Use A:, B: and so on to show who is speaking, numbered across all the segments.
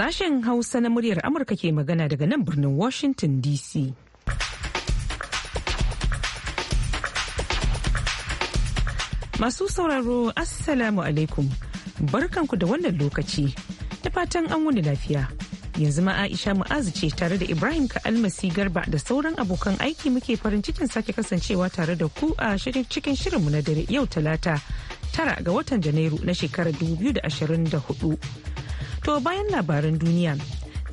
A: Sashen Hausa na muryar Amurka ke magana daga nan birnin Washington DC. Masu sauraro Assalamu alaikum barkanku da wannan lokaci da fatan an wani lafiya. Yanzu ma Aisha Mu'azu ce tare da Ibrahim Ka'almasi Garba da sauran abokan aiki muke farin cikin sake kasancewa tare da ku a shirin cikin shirinmu na dare yau talata tara ga watan Janairu na shekarar 2024. To bayan labaran duniya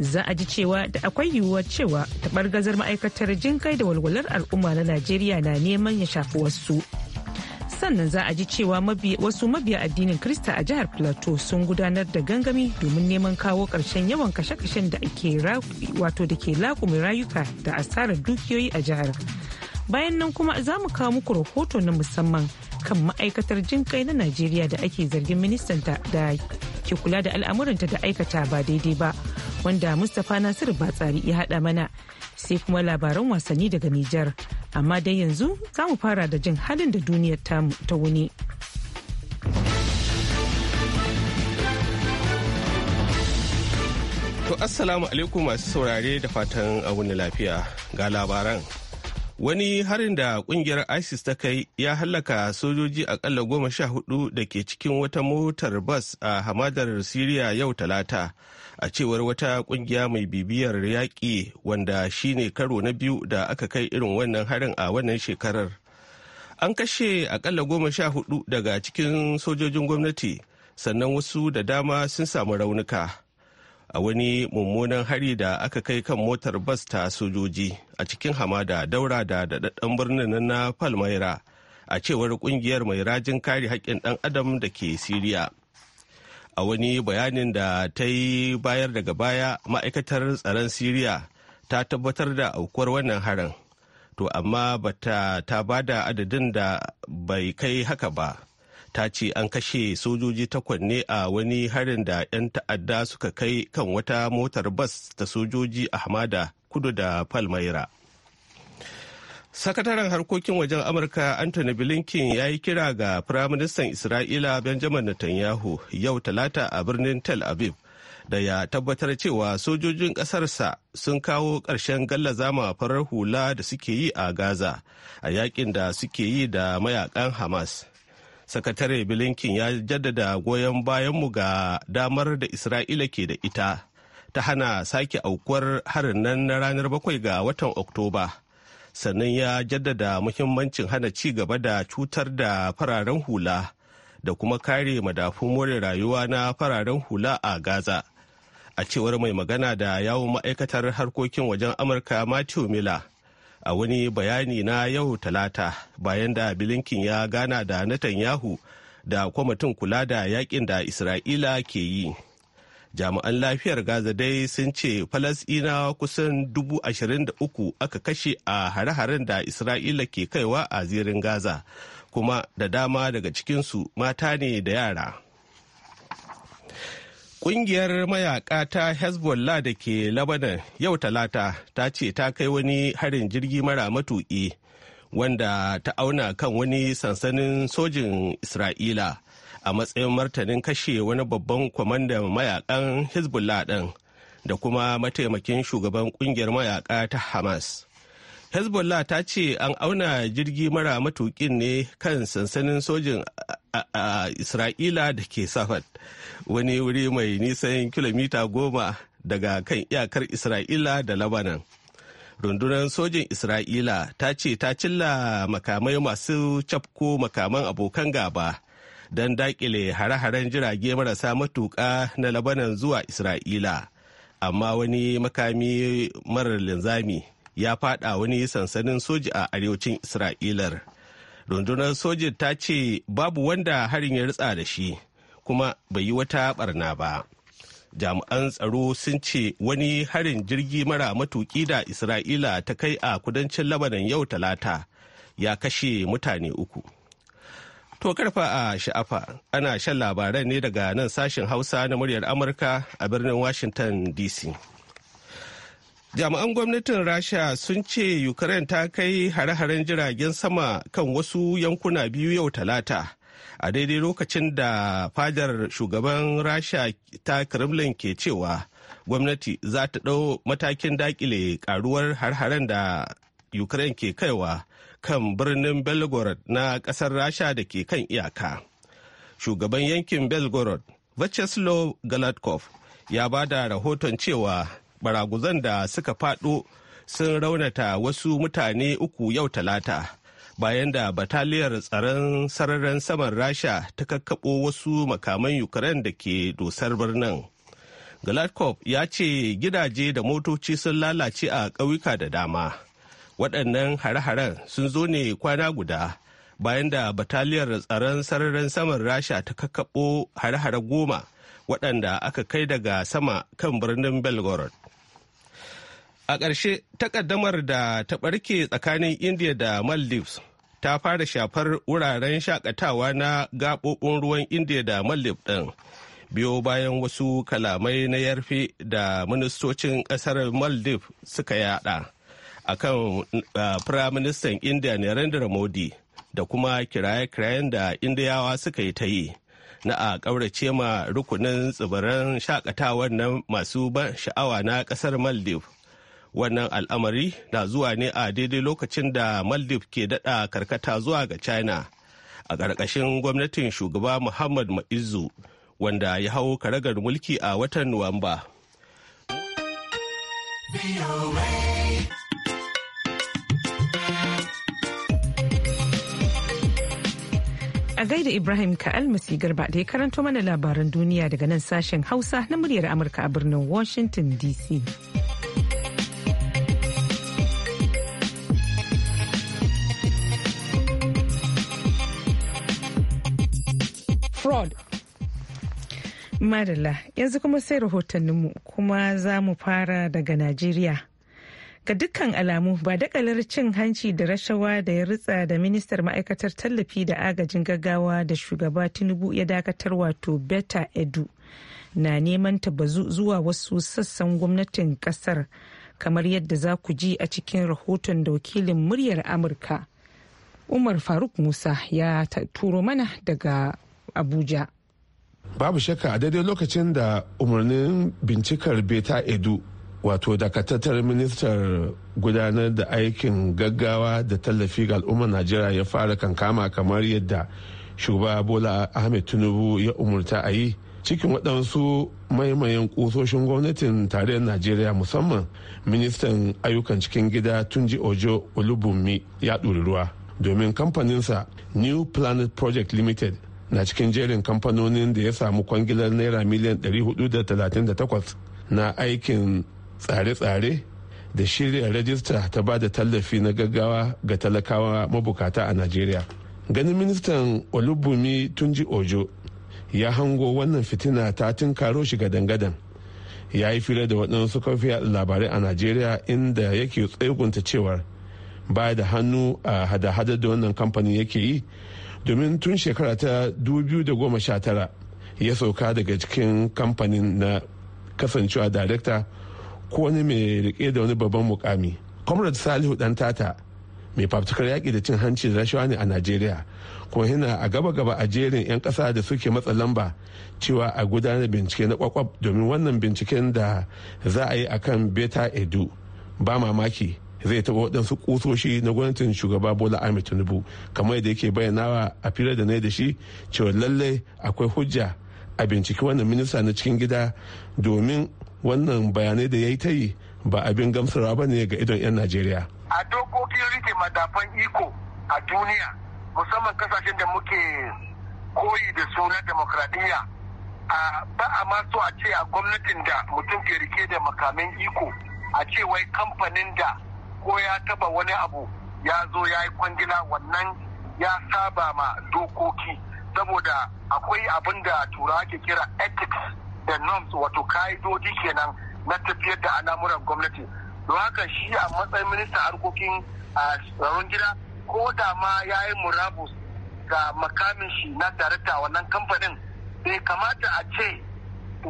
A: za a ji cewa da akwai yiwuwar cewa taɓargazar ma'aikatar jinkai da walwalar al'umma na Najeriya na neman ya shafi wasu. Sannan za a ji cewa wasu mabiya addinin Krista a jihar Plateau sun gudanar da gangami domin neman kawo ƙarshen yawan kashe-kashen da ke wato da ke rayuka da asarar dukiyoyi a jihar. Bayan nan kuma za mu kawo muku rahoto na musamman kan ma'aikatar jinkai na Najeriya da ake zargin ministanta da ke kula da al'amuranta da aikata ba daidai ba wanda mustapha nasiru batsari ya haɗa mana sai kuma labaran wasanni daga nijar amma dai yanzu za mu fara da jin halin da duniyar tamu ta wuni.
B: To assalamu alaikum masu saurare da fatan abun lafiya ga labaran. wani harin da kungiyar isis ta kai ya hallaka sojoji akalla goma sha hudu da ke cikin wata motar bas a hamadar siriya yau talata a cewar wata kungiya mai bibiyar yaƙi wanda shine karo na biyu da aka kai irin wannan harin a wannan shekarar an kashe akalla goma sha hudu daga cikin sojojin gwamnati sannan wasu da dama sun samu raunuka a wani mummunan hari da aka kai kan motar bas ta sojoji a cikin hamada daura da daɗaɗɗen birnin na palmaira a cewar ƙungiyar mai rajin kare haƙƙin ɗan adam da ke siriya a wani bayanin da ta yi bayar daga baya ma'aikatar tsaron siriya ta tabbatar da aukuwar wannan harin to amma bata ta ba da adadin da bai kai haka ba ta ce an kashe sojoji takwas ne a wani harin da 'yan ta'adda suka kai kan wata motar bas ta sojoji a hamada kudu da palmaira sakataren harkokin wajen amurka anthony blinken ya yi kira ga firaministan isra'ila benjamin netanyahu yau talata a birnin tel aviv da ya tabbatar cewa sojojin ƙasarsa sun kawo ƙarshen gallazama farar hula da suke yi a gaza a yakin da suke yi da mayakan hamas sakatare bilinkin ya jaddada goyon bayanmu ga damar da isra'ila ke da ita ta hana sake aukuwar harin nan na ranar bakwai ga watan oktoba sannan ya jaddada muhimmancin hana ci gaba da cutar da fararen hula da kuma kare madafun more rayuwa na fararen hula a gaza a cewar mai magana da yawon ma'aikatar harkokin wajen amurka matthew miller a wani bayani na yau talata bayan da bilinkin ya gana da netanyahu da kwamitin kula da yakin da isra'ila ke yi jami'an lafiyar gaza dai sun ce falasina kusan dubu ashirin da uku aka kashe a hare-haren da isra'ila ke kaiwa a zirin gaza kuma da dama daga cikinsu mata ne da yara Ƙungiyar mayaƙa ta Hezbollah da ke Labanan yau talata ta ce ta kai wani harin jirgi mara matuƙi wanda ta auna kan wani sansanin sojin Isra'ila a matsayin martanin kashe wani babban kwamandan mayaƙan Hezbollah ɗin da kuma mataimakin shugaban ƙungiyar mayaƙa ta Hamas. hezbollah ta ce an auna jirgi mara matukin ne kan sansanin sojin a isra'ila da ke safat wani wuri mai nisan kilomita goma daga kan iyakar isra'ila da labanan rundunar sojin isra'ila ta ce ta cilla makamai masu cafko makaman abokan gaba don dakile hare-haren jirage marasa matuƙa na labanan zuwa isra'ila amma wani makami marar linzami ya fada wani sansanin soji a arewacin isra'ilar rundunar sojin ta ce babu wanda harin ya ritsa da shi kuma bai yi wata barna ba jami'an tsaro sun ce wani harin jirgi mara matuki da isra'ila ta kai a kudancin labanan yau talata ya kashe mutane uku to karfa a sha'afa ana shan labaran ne daga nan sashen hausa na muryar amurka a birnin washington dc jami'an gwamnatin rasha sun ce ukraine ta kai hare-haren jiragen sama kan wasu yankuna biyu yau talata a daidai lokacin da fadar shugaban rasha ta kremlin ke cewa gwamnati za ta ɗau matakin dakile karuwar har-haren da ukraine ke kaiwa kan birnin belgorod na ƙasar rasha da ke kan iyaka shugaban yankin belgorod vyacheslav galatkov ya ba da rahoton cewa baraguzan da suka faɗo sun raunata wasu mutane uku yau talata bayan da bataliyar tsaron sararin saman rasha ta kakkaɓo wasu makaman ukraine da ke dosar birnin galatkov ya ce gidaje da motoci sun lalace a ƙauyuka da dama waɗannan hare-haren sun zo ne kwana guda bayan da bataliyar tsaron sararin saman rasha ta kakkaɓo hare-hare goma waɗanda aka kai daga sama kan birnin belgorod A ƙarshe takaddamar da ta ɓarke tsakanin India da Maldives ta fara shafar wuraren shakatawa na gaɓoɓin ruwan India da Maldives ɗin. Biyo bayan wasu kalamai na yarfe da ministocin ƙasar Maldives suka yaɗa a kan Firaministan India Narendra Modi da kuma kiraye-kirayen da Indiyawa suka yi ta yi. na a ƙaurace ma rukunin tsibiran shakatawa nan masu ban sha'awa na ƙasar maldives wannan al'amari na zuwa ne a daidai lokacin da maldiv ke daɗa karkata zuwa ga china a ƙarƙashin gwamnatin shugaba muhammad ma'izu wanda ya hau karagar mulki a watan nuwamba
A: a gaida Ibrahim Ka'al Garba da ya karanto mana labaran duniya daga nan sashen Hausa na muryar Amurka a birnin Washington DC. Paul. Madalla yanzu kuma sai rahotanninmu kuma za mu fara daga Najeriya. Ga dukkan alamu ba dakalar cin hanci da rashawa da ya ritsa da ministar ma'aikatar tallafi da agajin gaggawa da shugaba Tinubu ya dakatar wato Beta Edu na neman ta bazu zuwa wasu sassan gwamnatin kasar kamar yadda za ku ji a cikin rahoton da wakilin muryar Amurka. Umar Faruk Musa ya turo mana daga abuja
C: babu shakka a daidai lokacin da umarnin bincikar beta edu wato dakatattar ministar gudanar da aikin gaggawa da tallafi ga al'ummar najeriya ya fara kankama kamar yadda shugaba bola ahmed tinubu ya umurta a yi cikin waɗansu maimayan ƙusoshin gwamnatin tarayyar najeriya musamman ministan ayyukan cikin gida tunji ojo olubunmi ya ɗuri ruwa domin kamfaninsa new planet project limited na cikin jerin kamfanonin da ya samu kwangilar naira miliyan 438 na aikin tsare-tsare da shirya rajista ta ba da tallafi na gaggawa ga talakawa mabukata a najeriya ganin ministan olubumi tunji ojo ya hango wannan fitina ta tinkaro shi ga dangadan ya yi fira da waɗansu kafiya labarai a najeriya inda yake tsegunta cewar ba da hannu a hada-hada da wannan kamfanin yake yi domin tun shekara ta 2019 ya sauka daga cikin kamfanin na kasancewa darekta ko wani mai rike da wani babban mukami comrade salihu dan tata mai fafutukar yaƙi da cin hanci da rashawa ne a najeriya kuma yana a gaba gaba a jerin 'yan ƙasa da suke matsa lamba cewa a gudanar bincike na kwakwab domin wannan binciken da za a yi akan beta edu ba mamaki zai taɓa waɗansu kusoshi na gwamnatin shugaba bola ahmed tinubu kamar yadda yake bayyanawa a firar da na da shi cewa lallai akwai hujja a binciki wannan minista na cikin gida domin wannan bayanai da ya yi ta yi ba abin gamsarwa ba ne ga idon 'yan najeriya
D: a dokokin rike madafan iko a duniya musamman kasashen da muke koyi da suna demokradiyya ba a ma so a ce a gwamnatin da mutum ke rike da makamin iko a ce wai kamfanin da ko ya taba wani abu ya zo ya yi kwangila wannan ya saba ma dokoki saboda akwai abin da turawa ke kira ethics da norms wato ka'idodi kenan na tafiyar da al'amuran gwamnati don haka shi a matsayin minista harkokin a tsaron gida ko da ma ya yi murabus ga makamin shi na darata wannan kamfanin bai kamata a ce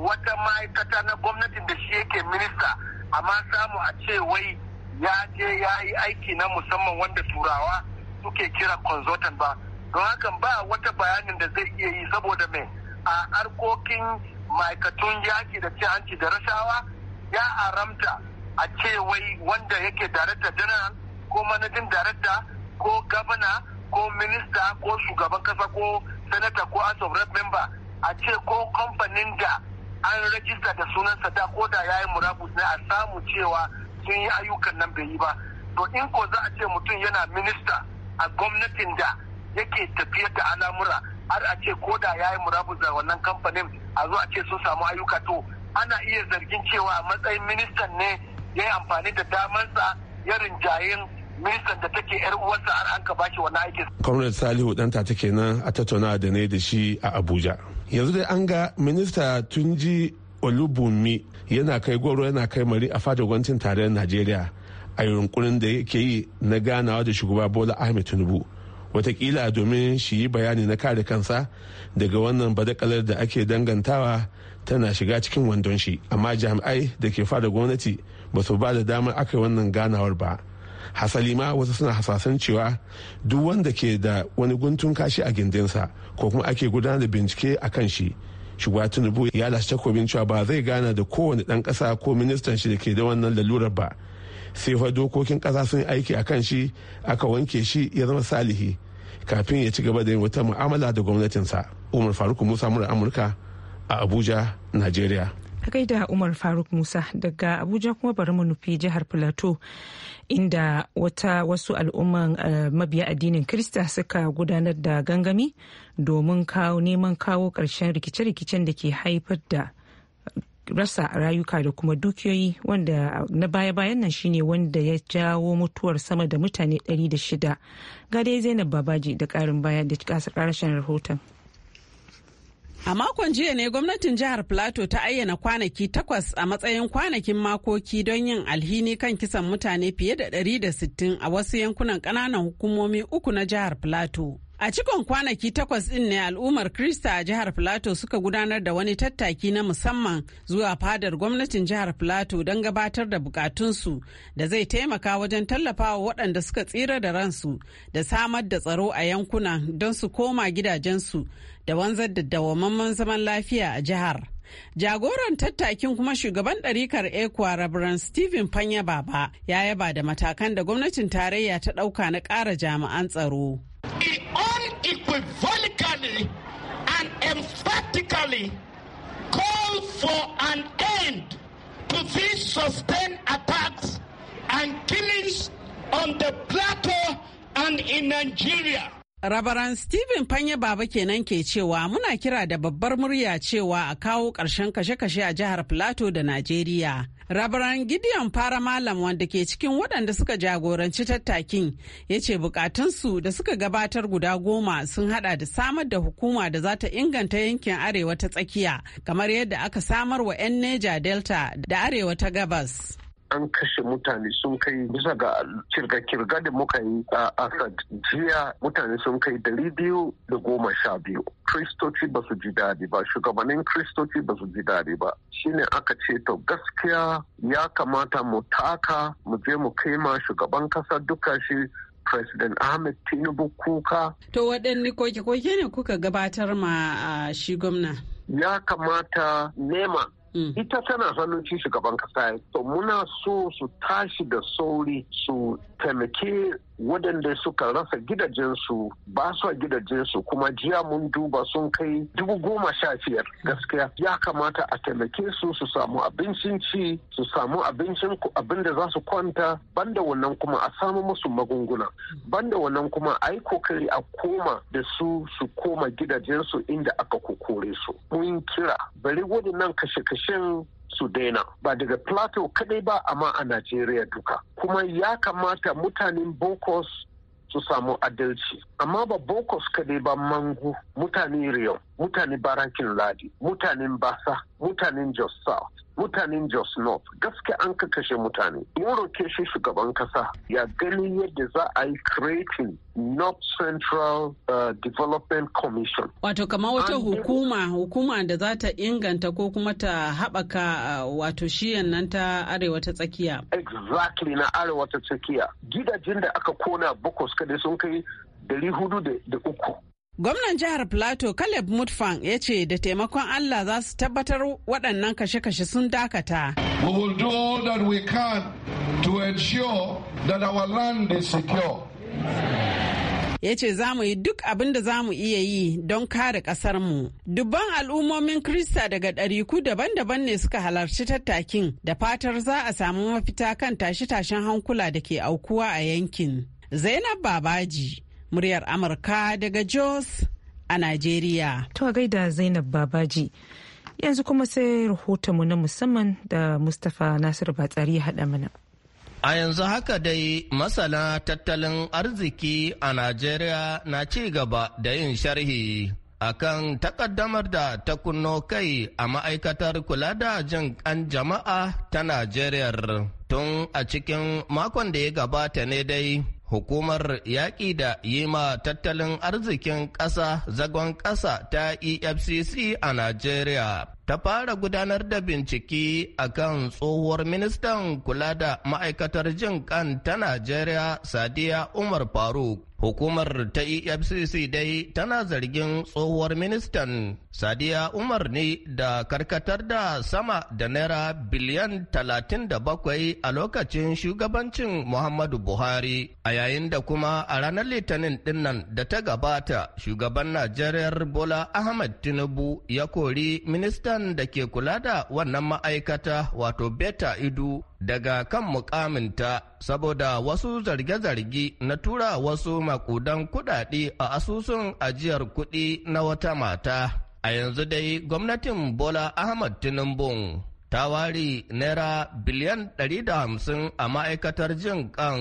D: wata ma'aikata na gwamnatin da shi yake minista amma samu a ce wai ya je ya yi aiki na musamman wanda turawa suke kira konzotan ba don hakan ba wata bayanin da zai iya yi saboda mai a harkokin ma'aikatun yaki da cin hanci da rashawa ya aramta a ce wai wanda yake darakta general ko manajin darakta ko gabana ko minista ko shugaban kasa ko sanata ko house of rep member a ce ko kamfanin da an rajista da sunansa da ko da ya yi murabus ne a samu cewa kin yi ayyukan nan bai yi ba to in ko za a ce mutum yana minista a gwamnatin da yake tafiya ta al'amura har a ce ko da ya yi murabus da wannan kamfanin a zo a ce sun samu ayyuka to ana iya zargin cewa a matsayin ministan ne ya yi amfani da damansa ya rinjayen ministan da take yar uwarsa
C: har an ka bashi wani aikin. Comrade Salihu danta take nan a tattauna da ne da shi a Abuja. Yanzu dai an ga minista tun ji olubumi yana kai goro yana kai mari a fadar gwamnatin tarayyar najeriya a yunkurin da yake yi na ganawa da shugaba bola ahmed tinubu watakila domin shi yi bayani na kare kansa daga wannan badakalar da ake dangantawa tana shiga cikin wandon shi amma jami'ai da ke fada gwamnati ba su ba da damar aka yi wannan ganawar ba hasali ma wasu suna hasasan cewa duk wanda ke da wani guntun kashi a gindinsa ko kuma ake gudanar da bincike a kan shi shugaba tinubu ya lashe takobin cewa ba zai gana da kowane dan kasa ko ministan shi da ke da wannan lalurar ba sai fa dokokin kasa sun aiki a kan shi aka wanke shi ya zama salihi kafin ya ci gaba da yin wata mu'amala da gwamnatinsa umar faruk musa mura amurka a abuja nigeria.
A: a da umar faruk musa daga abuja kuma bari mu nufi jihar plateau inda wata wasu al'umman eh, mabiya addinin krista suka gudanar da gangami domin kawo neman kawo ƙarshen rikice-rikicen da ke haifar da rasa rayuka da kuma dukiyoyi wanda na baya-bayan nan shine wanda ya jawo mutuwar sama da mutane 600 ga dai zainab babaji da ƙarin baya da rahoton
E: A makon jiya ne gwamnatin jihar Plateau ta ayyana kwanaki takwas a matsayin kwanakin makoki don yin alhini kan kisan mutane fiye da 160 a wasu yankunan ƙananan hukumomi uku na jihar Plateau. A cikon kwanaki takwas ɗin ne al'ummar Krista a jihar Filato suka gudanar da wani tattaki na musamman zuwa fadar gwamnatin jihar Filato don gabatar da bukatunsu da zai taimaka wajen tallafawa waɗanda suka tsira da ransu da samar da tsaro a yankunan don su koma gidajensu da wanzar da dawamamman zaman lafiya a jihar. Jagoran tattakin kuma shugaban ɗarikar Ekwa Rabaran Stephen Fanya Baba ya yaba da matakan da gwamnatin tarayya ta ɗauka na ƙara jami'an tsaro.
F: unequivocally and emphatically call for an end to these sustained attacks and killings
D: on the plateau and in Nigeria.
E: Rabaran Stephen Fanye Baba kenan ke cewa muna kira da babbar murya cewa a kawo ƙarshen kashe-kashe a jihar Plateau da Najeriya. Rabaran Gideon Fara Malam wanda ke cikin waɗanda suka jagoranci tattakin ya ce bukatunsu da suka gabatar guda goma sun hada da samar da hukuma da za ta inganta yankin arewa ta tsakiya kamar yadda aka samar wa 'yan Neja Delta da arewa ta gabas.
G: an kashe mutane sun kai bisa ga kirga-kirga da muka yi a asad jiya mutane sun kai dari biyu da goma sha biyu. Kristoci ba su ji daɗi ba, shugabannin Kristoci ba su ji daɗi ba. Shine aka ce to gaskiya ya kamata mu taka mu je mu kai ma shugaban kasa duka shi President Ahmed Tinubu kuka.
E: To waɗanne koke-koke ne kuka gabatar ma shi gwamna? Ya kamata nema Mm. ita
G: tana hannun shi shugaban kasa to muna so su tashi da sauri su taimake waɗanda suka rasa gidajensu ba su gidajensu kuma jiya mun duba sun kai dubu goma sha biyar gaskiya ya kamata a taimake su su samu abincin ci su samu abincin abin da za su kwanta banda wannan kuma a samu musu magunguna banda wannan kuma a yi kokari a koma da su su koma gidajensu inda aka kokore su mun kira bari waɗannan kashe-kashen su daina ba daga plateau kadai ba amma a najeriya duka kuma ya kamata mutanen bokos su samu adalci amma ba bokos kadai ba mangu mutane riyo mutane barakin ladi mutanen basa mutanen jos south mutanen Jos North gaske an ka kashe mutane. Mun roke shi shugaban kasa ya gani yadda za a yi creating North Central uh, Development Commission.
E: Wato kamar wata hukuma hukuma da za ta inganta ko kuma ta haɓaka uh, wato shiyan nan ta arewa ta tsakiya.
G: Exactly na arewa ta tsakiya. Gidajen da aka kona bakwai kada sun kai dari hudu da uku.
E: Gwamnan jihar Plateau Caleb Mutfang ya ce da taimakon Allah za su tabbatar waɗannan kashe-kashe sun dakata. We will do all that we can to ensure that our land is secure. ya ce za mu yi duk abin da za mu iya yi don kare mu Dubban al'ummomin Krista daga ɗariku daban-daban ne suka halarci tattakin da fatar za a samu mafita kan tashe-tashen hankula da ke aukuwa a yankin. Zainab Babaji, muryar Amurka daga Jos a
A: nigeria. To gaida Zainab Babaji. Yanzu kuma sai rahotonmu na musamman da Mustapha Nasiru Batsari ya haɗa mana.
H: A yanzu haka dai masana tattalin arziki a nigeria na ci gaba da yin sharhi akan takaddamar da ta kunno kai a ma'aikatar kula da jin kan jama'a ta nigeria tun a cikin makon da ya gabata ne dai. hukumar yaƙi da ma tattalin arzikin ƙasa zagon ƙasa ta efcc a najeriya ta fara gudanar da bincike a kan tsohuwar ministan kula da ma'aikatar jin kan ta Najeriya Sadiya Umar Faruk. Hukumar ta EFCC dai tana zargin tsohuwar ministan Sadiya Umar ne da karkatar da sama da naira biliyan 37 a lokacin shugabancin Muhammadu Buhari a yayin da kuma a ranar Litinin dinnan da ta gabata shugaban Najeriya Bola Ahmed Tinubu ya kori ministan kwamishinan da ke kula da wannan ma'aikata wato beta idu daga kan mukaminta saboda wasu zarge-zarge na tura wasu makudan kudade a asusun ajiyar kudi na wata mata a yanzu dai gwamnatin bola ahmad tinubu ta wari naira biliyan 150 a ma'aikatar jin kan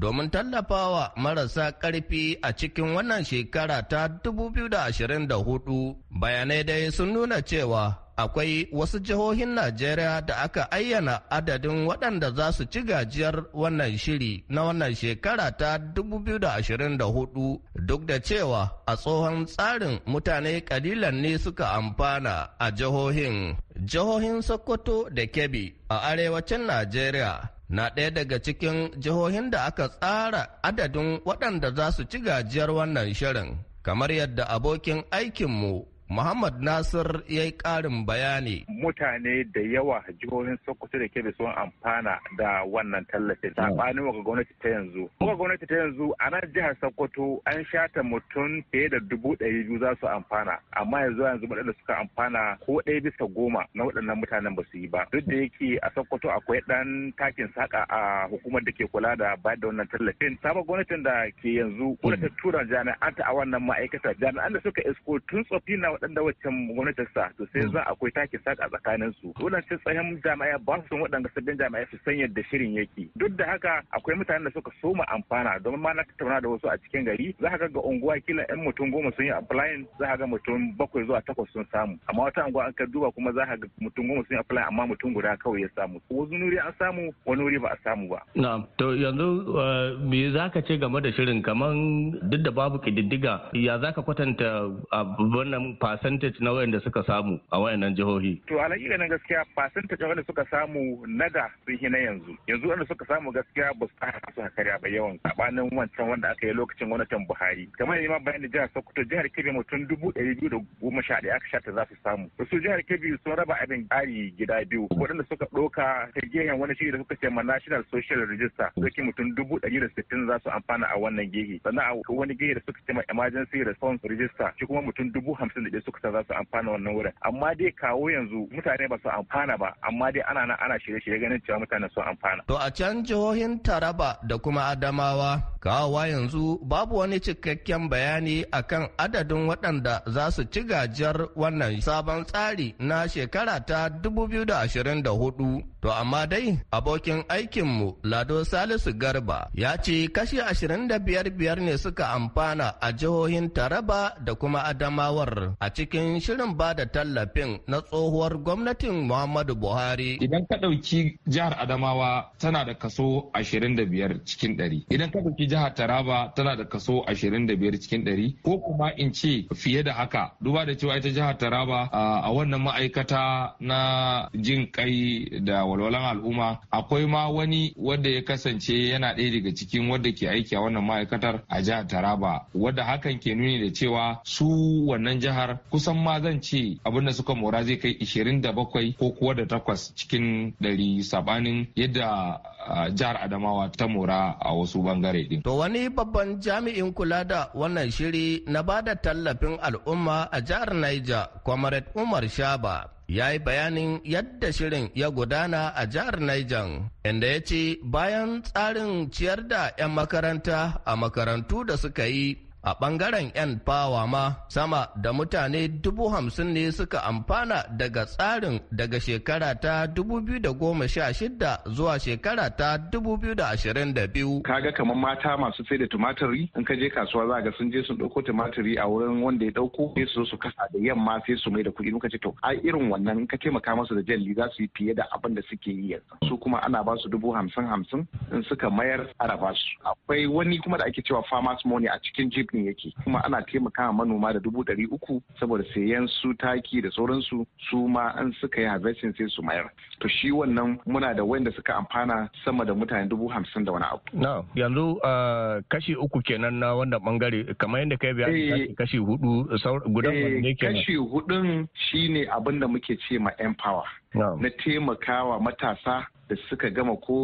H: domin tallafawa marasa ƙarfi a cikin wannan shekara ta 2024 bayanai dai sun nuna cewa akwai wasu jihohin Najeriya da aka ayyana adadin waɗanda za su ci gajiyar wannan shiri na wannan shekara ta 2024 duk da cewa a tsohon tsarin mutane kalilan ne suka amfana a jihohin. Jihohin Sokoto da Kebbi a arewacin Najeriya na ɗaya daga cikin jihohin da aka tsara adadin waɗanda za su ci gajiyar wannan shirin. Kamar yadda abokin
I: aikinmu Muhammad Nasir ya yi ƙarin bayani. Mutane da yawa jihohin Sokoto da Kebbi sun amfana da wannan tallafin. Ah. Saɓanin wa gwamnati ta yanzu. Muka gwamnati ta yanzu a nan jihar Sokoto an shata mutum fiye da dubu ɗari biyu za su amfana. Amma yanzu yanzu waɗanda suka amfana ko ɗaya bisa goma na waɗannan mutanen ba su yi ba. Duk da yake a Sokoto akwai ɗan takin saƙa a hukumar da ke kula da bayar da wannan tallafin. Sabon gwamnatin da ke yanzu ta tura jami'an ta a wannan ma'aikata jami'an da suka isko tun tsofi na waɗanda waccan gwamnatinsa to sai hmm. za akwai take saka tsakanin su sai tsayin jami'a ba su san waɗanda sabbin jami'a su san yadda shirin yake duk da haka akwai mutanen da suka soma amfana domin ma na tattauna da wasu a cikin gari za ka ga unguwa kila yan mutum goma sun yi applying za ka ga mutum bakwai zuwa takwas sun samu amma wata unguwa an ka duba kuma za ka ga mutum goma sun yi applying amma mutum guda kawai ya samu wasu nuri an samu wani wuri ba a samu ba.
H: na to yanzu uh, me za ka ce game da shirin kamar duk da babu kididdiga ya za ka kwatanta uh, percentage na wayanda suka samu a wayannan jihohi
I: to alaƙiƙa na gaskiya percentage wanda suka samu naga sun yi na yanzu yanzu wanda suka samu gaskiya ba su ƙara su hakariya ba yawan sabanin wancan wanda aka yi lokacin gwamnatin Buhari kamar yadda ma da jihar Sokoto jihar Kebbi mutum dubu ɗari biyu da goma sha ɗaya aka sha ta za su samu Wasu jihar Kebbi sun raba abin ƙari gida biyu waɗanda suka ɗauka ta gehen wani shiri da suka ce ma National Social Register doki mutum dubu ɗari da sittin za su amfana a wannan gehe sannan a wani gehe da suka ce ma Emergency Response Register shi kuma mutum dubu hamsin da sai suka ta za su amfana wannan wurin amma dai kawo yanzu mutane ba su amfana ba amma dai ana nan ana shirye-shirye ganin cewa mutane sun amfana.
H: To a can jihohin Taraba da kuma Adamawa kawowa yanzu babu wani cikakken bayani akan adadin waɗanda za su ci gajiyar wannan sabon tsari na shekara ta 2024. To amma dai abokin aikinmu Lado Salisu Garba ya ce kashi 25 biyar ne suka amfana a jihohin Taraba da kuma Adamawar a a cikin shirin ba da tallafin na tsohuwar gwamnatin Muhammadu Buhari.
I: Idan ka ɗauki jihar Adamawa tana da kaso 25 cikin 100. Idan ka ɗauki jihar Taraba tana da kaso 25 cikin 100 ko kuma in ce fiye da haka duba da cewa ita jihar Taraba a wannan ma'aikata na jin kai da walwalan al'umma akwai ma wani wanda ya kasance yana ɗaya daga cikin wanda ke aiki a wannan ma'aikatar a jihar Taraba wadda hakan ke nuni da cewa su wannan jihar kusan ma zan ce abin da suka mora zai kai ishirin ko kuwa da takwas cikin dari sabanin yadda jihar adamawa ta mora a wasu
H: bangare din. To wani babban jami'in kula da wannan shiri na ba da tallafin al'umma a jihar Niger, Comrade Umar Shaba. ya yi bayanin yadda shirin ya gudana a jihar Niger, inda ya ce bayan tsarin ciyar da 'yan makaranta a makarantu da suka yi a ɓangaren 'yan fawa ma sama da mutane dubu hamsin ne suka amfana daga tsarin daga shekara ta dubu biyu da goma sha shida zuwa shekara ta dubu biyu da da
J: ashirin Ka ga kamar mata masu sai da tumatiri in ka je kasuwa za ga sun je sun ɗauko tumatiri a wurin wanda ya ɗauko sai su su kasa da yamma sai su mai da kuɗi ka ce to a irin wannan in ka taimaka masu da jalli za su yi fiye da abin da suke yi yanzu su kuma ana ba su dubu hamsin hamsin in suka mayar araba su akwai wani kuma da ake cewa farmers money a cikin jib ɗin yake kuma ana taimakawa manoma da dubu ɗari uku saboda sayan su taki da sauransu su ma an suka yi harvesting sai su mayar to shi wannan muna da wanda suka amfana sama da mutane dubu hamsin da wani abu.
H: na yanzu ah, kashi uku kenan na wanda bangare kamar yadda kai bayani eh. kashi hudu gudan eh, ne kenan. kashi
J: hudun shine abin da muke ce ma empower na taimakawa matasa da suka gama ko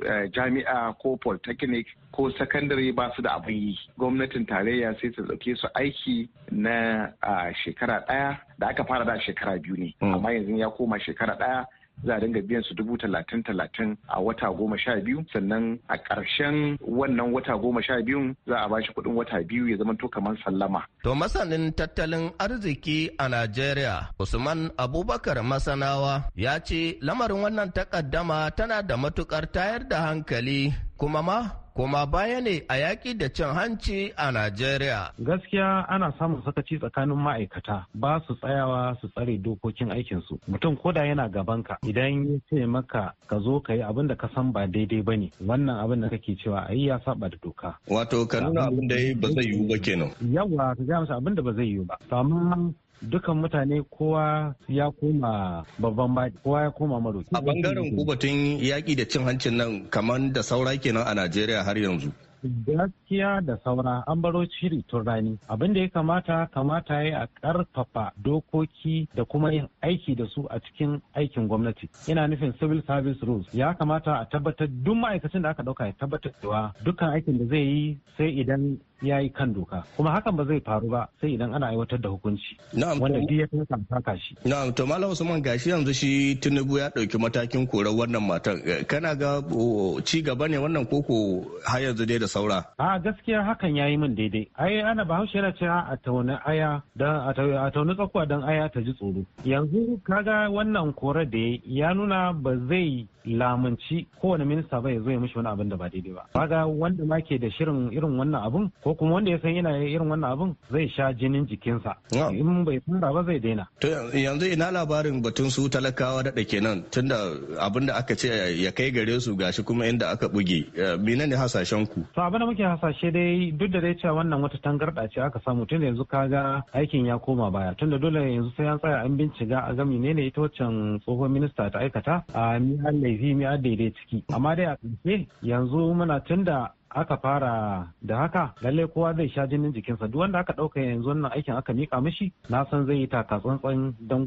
J: eh, jami'a ko polytechnic ko sakandare ba su da abin yi gwamnatin tarayya sai ta dauke su aiki na ah, shekara ɗaya da aka fara da shekara biyu ne mm. amma yanzu ya koma shekara ɗaya za a dinga biyan su dubu talatin talatin a wata goma sha biyu sannan a ƙarshen wannan wata goma sha biyu za a bashi kuɗin wata biyu ya zama to kamar sallama.
H: To masanin tattalin arziki a Najeriya Usman Abubakar Masanawa ya ce lamarin wannan takaddama tana da matukar tayar da hankali kuma ma koma
K: baya ne a yaƙi da cin hanci a Najeriya. Gaskiya ana samun sakaci tsakanin ma'aikata ba su tsayawa su tsare dokokin aikinsu. Mutum koda yana gabanka idan ya ce maka ka zo ka yi abin da ka san ba daidai ba ne wannan abin da kake cewa a yi ya saba da doka.
H: Wato ka nuna abin da ba zai yiwu ba kenan.
K: Yawwa ka gaya masa abin da ba zai yiwu ba. dukan mutane kowa ya koma babban baki kowa ya koma maroki a bangaren ku
H: batun yaki da cin hancin nan kamar da saura kenan a Najeriya har yanzu
K: gaskiya da saura an baro shiri tun rani abin da ya kamata kamata ya a karfafa dokoki da kuma yin aiki da su a cikin aikin gwamnati ina nufin civil service rules ya kamata a tabbatar duk ma'aikacin da aka dauka ya tabbatar cewa dukkan aikin da zai yi sai idan ya yi kan doka kuma hakan ba zai faru ba sai idan ana aiwatar da hukunci wanda duk ya kai saka shi
H: na'am to malam usman gashi yanzu shi tinubu ya dauki matakin korar wannan matan eh, kana ga ci gaba ne wannan koko har yanzu
K: dai da saura a gaskiya hakan yayi min daidai ai ana bahaushe yana cewa a tauna aya dan a tauna tsakuwa dan aya ta ji tsoro yanzu kaga wannan korar da ya nuna ba zai lamunci kowane minista ba ya zo ya mishi wani abin da ba daidai ba kaga wanda ma ke da shirin irin wannan abun ko ko kuma wanda ya san yana irin wannan abin zai sha jinin jikinsa in bai fara ba zai daina
H: to yanzu ina labarin batun su talakawa daɗa kenan tunda abin da aka ce ya kai gare su gashi kuma inda aka buge eh, mina ne hasashen ku
K: to abin da muke hasashe dai duk da dai cewa wannan wata tangarɗa ce aka samu tunda yanzu kaga aikin ya koma baya tunda dole yanzu sai an tsaya an bincika a ga menene ita waccan tsohon minista ta aikata a ah, mi laifi mi daidai ciki amma dai a yanzu muna tunda aka fara da haka lallai kowa zai sha jinin jikinsa duk wanda aka ɗauka yanzu wannan aikin aka mika mishi na san zai yi taka tsantsan don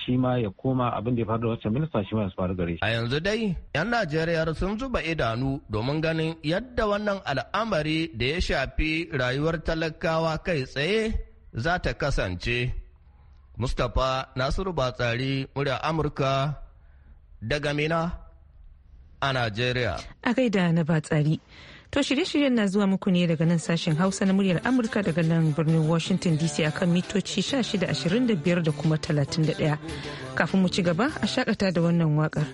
K: shi ma ya koma abin da ya faru da wancan minista shi ma
H: ya faru gare shi. A yanzu dai, 'yan Najeriya sun zuba idanu domin ganin yadda wannan al'amari da ya shafi rayuwar talakawa kai tsaye za ta kasance. Mustapha Nasiru Batsari, murya Amurka, daga Mina a Najeriya. A
A: gaida na Batsari. To shirye-shiryen na zuwa muku ne daga nan sashen Hausa na muryar Amurka daga nan birnin Washington DC akan mitoci 1625 da kuma 31. Kafin mu ci gaba a shakata da wannan waƙar.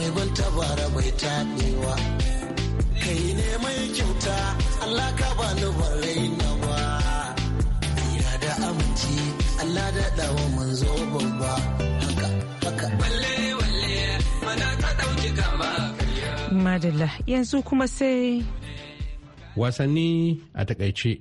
D: mai ban tabara mai taɓewa kai ne mai kyauta Allah ka ba ni ban rainawa ira da aminci Allah da mun zo babba haka haka balle balle mana ta dauki kama
A: madalla yanzu kuma sai
B: wasanni a takaice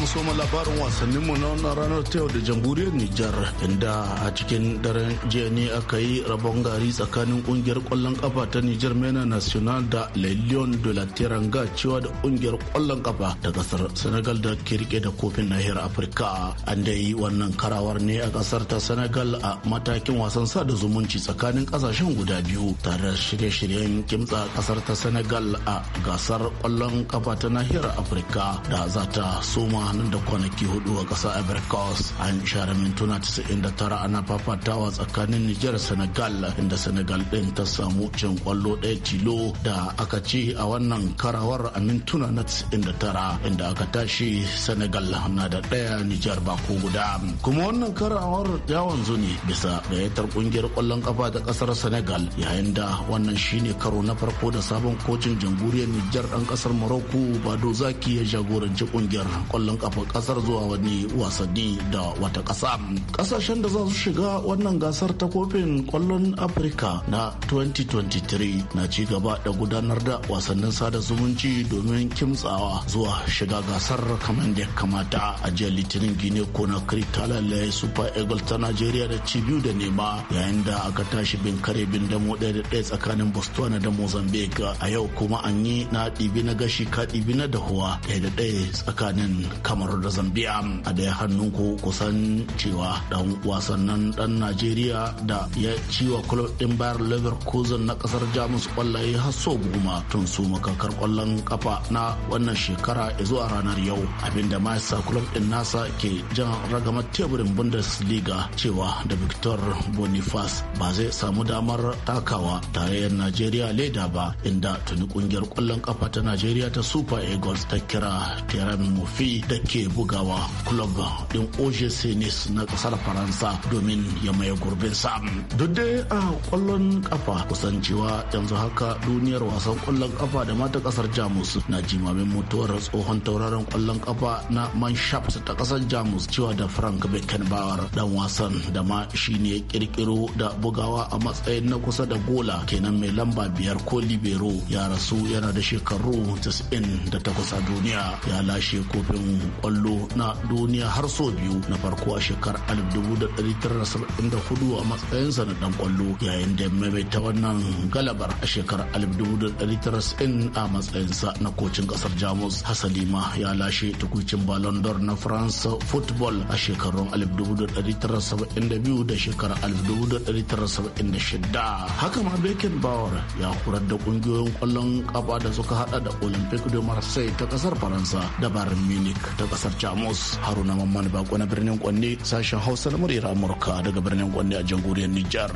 F: mu labarin wasannin mu na ranar ta yau da jamhuriyar Nijar inda a cikin daren jiya ne aka yi rabon gari tsakanin kungiyar kwallon kafa ta Nijar Mena National da Lelion de la Teranga cewa da kungiyar kwallon kafa ta kasar Senegal da ke rike da kofin nahiyar Afirka an da wannan karawar ne a kasar ta Senegal a matakin wasan sa da zumunci tsakanin kasashen guda biyu tare da shirye-shiryen kimtsa kasar ta Senegal a gasar kwallon kafa ta nahiyar Afirka da za ta soma ana da kwanaki hudu a ƙasar ivory coast an share mintuna 99 ana fafatawa tsakanin nijar senegal inda senegal ɗin ta samu cin kwallo ɗaya tilo da aka ci a wannan karawar a mintuna na 99 inda aka tashi senegal na da ɗaya nijar ba ko guda kuma wannan karawar ya wanzu ne bisa gayyatar kungiyar kwallon kafa ta ƙasar senegal yayin da wannan shine karo na farko da sabon kocin jamhuriyar nijar ɗan kasar morocco bado zaki ya jagoranci kungiyar kwallon kafin kasar zuwa wani wasanni da wata kasa kasashen da za su shiga wannan gasar ta kofin kwallon afirka na 2023 na ci gaba da gudanar da wasannin sada zumunci domin kimtsawa zuwa shiga gasar kamar da kamata a jiya litinin gine kona ta lalaye super eagles ta nigeria da cibiyu da nema yayin da aka tashi bin kare bin damo ɗaya da ɗaya tsakanin botswana da mozambique a yau kuma an yi na ɗibi na gashi ka ɗibi na dahuwa ɗaya da ɗaya tsakanin kamar da zambia a daya hannun ku kusan cewa dan wasannin dan najeriya da ya ciwa club din bayar leverkusen na kasar jamus kwallaye har so goma tun su makakar kwallon kafa na wannan shekara zuwa ranar yau abinda ma yasa club din nasa ke jan ragamar teburin bundesliga cewa da victor boniface ba zai samu damar takawa tarayyar najeriya leda ba inda tuni kungiyar kwallon kafa ta najeriya ta super eagles ta kira teran mufi da ke bugawa club din OGC Nice na kasar Faransa domin ya maye gurbin sa. Duk dai a kwallon kafa kusan yanzu haka duniyar wasan kwallon kafa da mata kasar Jamus na jimamin mutuwar tsohon tauraron kwallon kafa na Manshaft ta kasar Jamus cewa da Frank Beckenbauer dan wasan da ma shine kirkiro da bugawa a matsayin na kusa da gola kenan mai lamba biyar ko libero ya rasu yana da shekaru 98 a duniya ya lashe kofin kwallo na duniya har so biyu na farko a shekarar 1974 a matsayinsa na dan kwallo yayin da maimaita wannan galabar a shekarar 1990 a matsayinsa na kocin kasar jamus hasalima ya lashe tukucin ballon d'or na france football a shekarun 1972 da shekarar 1976 haka ma bekin Bawar ya kurar da kungiyoyin kwallon kaba da suka hada da olympic de marseille ta kasar faransa da bayern munich da kasar jamus haruna mamman bako na birnin kwanne sashen hausa na muryar amurka daga birnin kwanne a jamhuriyar nijar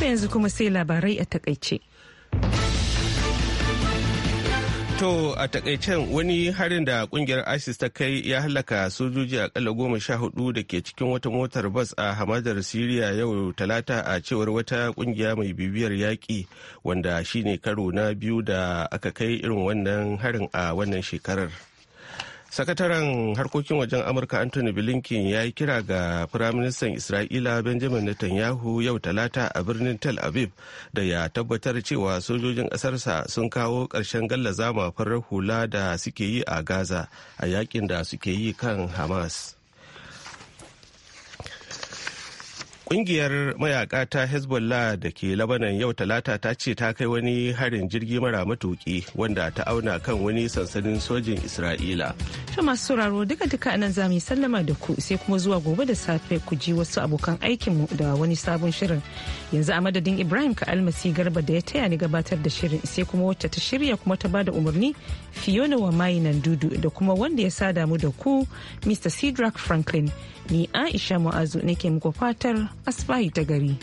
A: yanzu kuma sai labarai a takaice
B: To a takaicen wani harin da kungiyar ISIS ta kai ya halaka sojoji a akalla goma sha hudu da ke cikin wata motar bas a hamadar Siriya yau talata a cewar wata kungiya mai bibiyar yaƙi wanda shine karo na biyu da aka kai irin wannan harin a wannan shekarar. sakataren harkokin wajen amurka anthony blinken ya yi kira ga firaministan isra'ila benjamin netanyahu yau talata a birnin tel aviv da ya tabbatar cewa sojojin ƙasarsa sun kawo ƙarshen gallaza farar hula da suke yi a gaza a yakin da suke yi kan hamas Ƙungiyar mayaka ta Hezbollah da ke Labanan yau talata ta ce ta kai wani harin jirgi mara matuƙi wanda ta auna kan wani sansanin sojin Isra'ila.
A: Ta masu sauraro duka duka nan za mu sallama da ku sai kuma zuwa gobe da safe ku ji wasu abokan aikinmu da wani sabon shirin. Yanzu a madadin Ibrahim ka almasi garba da ya taya ni gabatar da shirin sai kuma wacce ta shirya kuma ta bada umarni Fiona wa mayinan da kuma wanda ya sada mu da ku Mr. Cedric Franklin. Ni Aisha Mu'azu nake muku fatar asfahi ta gari.